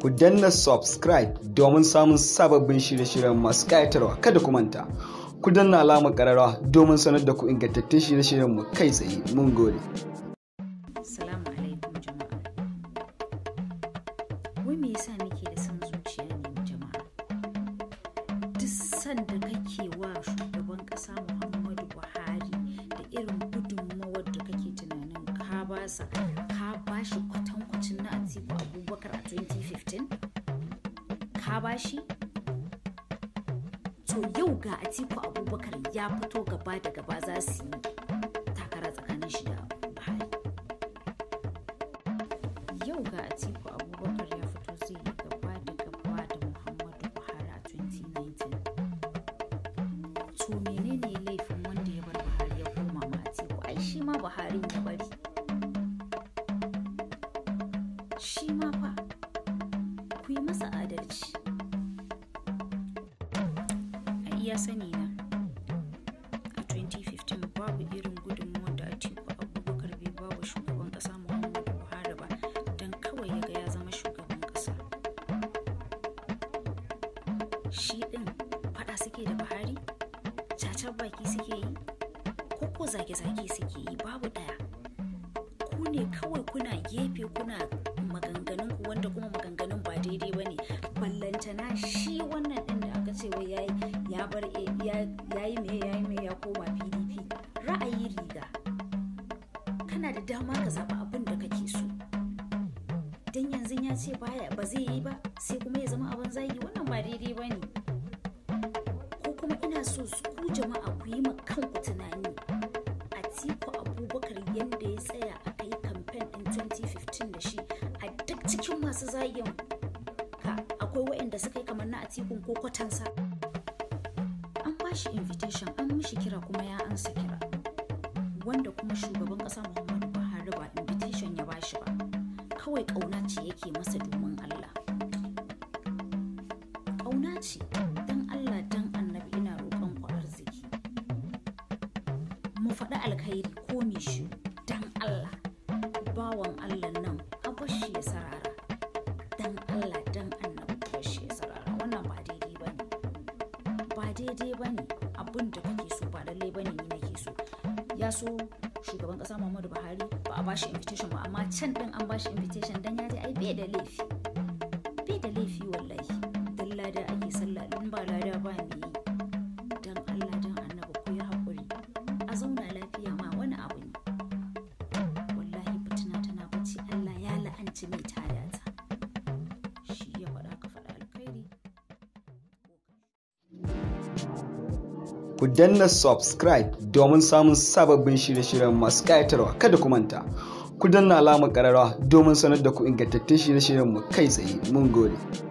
ku danna subscribe domin samun sababbin shirye-shiryen masu ƙayatarwa kada ku manta ku danna alamar ƙararwa domin sanar da ku ingantattun shirye-shiryen mu kai tsaye mun gode salamu alaikum jama'a wai me yasa nake da san zuciya ne jama'a duk sanda kake wa shugaban ƙasa Muhammadu Buhari da irin gudunmawar da kake tunanin ka basa ka bashi to yau ga atiku abubakar ya fito gaba da gaba za su yi takara tsakanin shi da buhari yau ga atiku abubakar ya fito zai yi gaba da gaba da muhammadu buhari a 2019 to menene laifin wanda ya bar buhari ya koma ma atiku ai shi ma buhari ya bari shi ma fa ku masa adalci iya sani na a 2015 babu irin gudunmawar da atiku abubakar bai babu shugaban kasa muhammadu buhari ba don kawai ya ga ya zama shugaban kasa shi din fada suke da buhari cacar baki suke yi ko zage-zage suke yi babu daya ku ne kawai kuna gefe kuna maganganun ku wanda kuma maganganun ba daidai ba ne dama ka zaba abin da kake so don yanzu ya ce baya ba zai yi ba sai kuma ya zama abin zagi wannan ba daidai ba ne ko kuma ina so ku jama'a ku yi ma kanku tunani a tiku abubakar yadda ya tsaya aka yi kamfen ɗin 2015 da shi a duk cikin masu zagin ka akwai waɗanda suka yi kamar na a tikun ko kwatansa an ba shi invitation an mishi kira kuma ya ansa kira wanda kuma shugaban ƙasa Muhammadu kawai ƙauna ce yake masa domin Allah ƙauna ce don Allah don annabi ina roƙon ku arziki mu faɗi alkhairi ko me shi don Allah bawan Allah nan a bashi ya sarara don Allah don annabi a bashi ya sarara wannan ba daidai ba ne ba daidai ba ne abin da kake so ba lallai ba ne ni nake so ya so shugaban kasa muhammadu buhari ba a ba shi invitation ba amma can din an ba shi invitation dan ya je ai bai da laifi bai da laifi wallahi dan lada ake sallah din ba lada ba me dan Allah dan annabi ku yi hakuri a zauna lafiya ma wani abu ne wallahi fitina tana bace Allah ya la'anci mai tada ta shi ya faɗa ka faɗa alkhairi ku danna subscribe domin samun sababbin shirye-shiryen masu kayatarwa. kada ku manta ku danna alamar ƙararrawa domin sanar da ku ingantattun shirye-shiryen mu kai tsaye mun gode